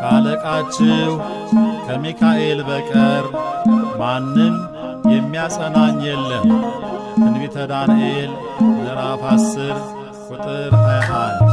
ካለቃችሁ ከሚካኤል በቀር ማንም የሚያጸናኝ የለም። ትንቢተ ዳንኤል ምዕራፍ 10 ቁጥር 21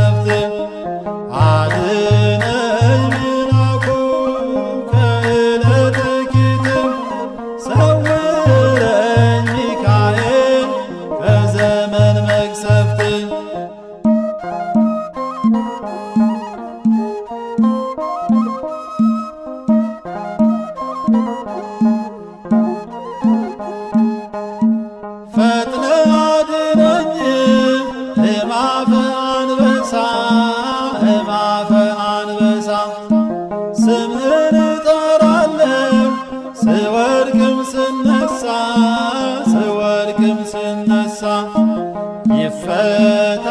Love. the ይፈታ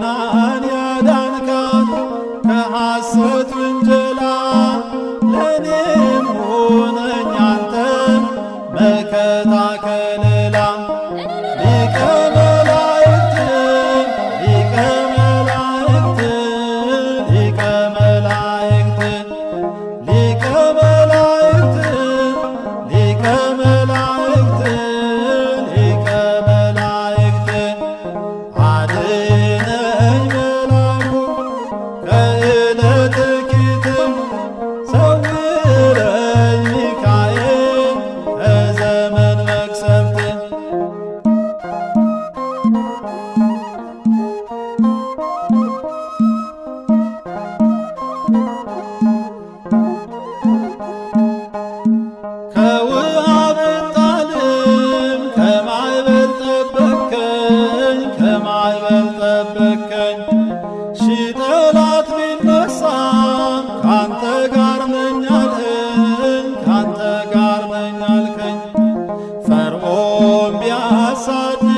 ጠበከኝ፣ ከማዕበል ጠበከኝ። ሺህ ጠላት ቢነሳ ካንተ ጋር ነኝ አልኸኝ፣ ካንተ ጋር ነኝ አልከኝ ፈርዖን ቢያሳድ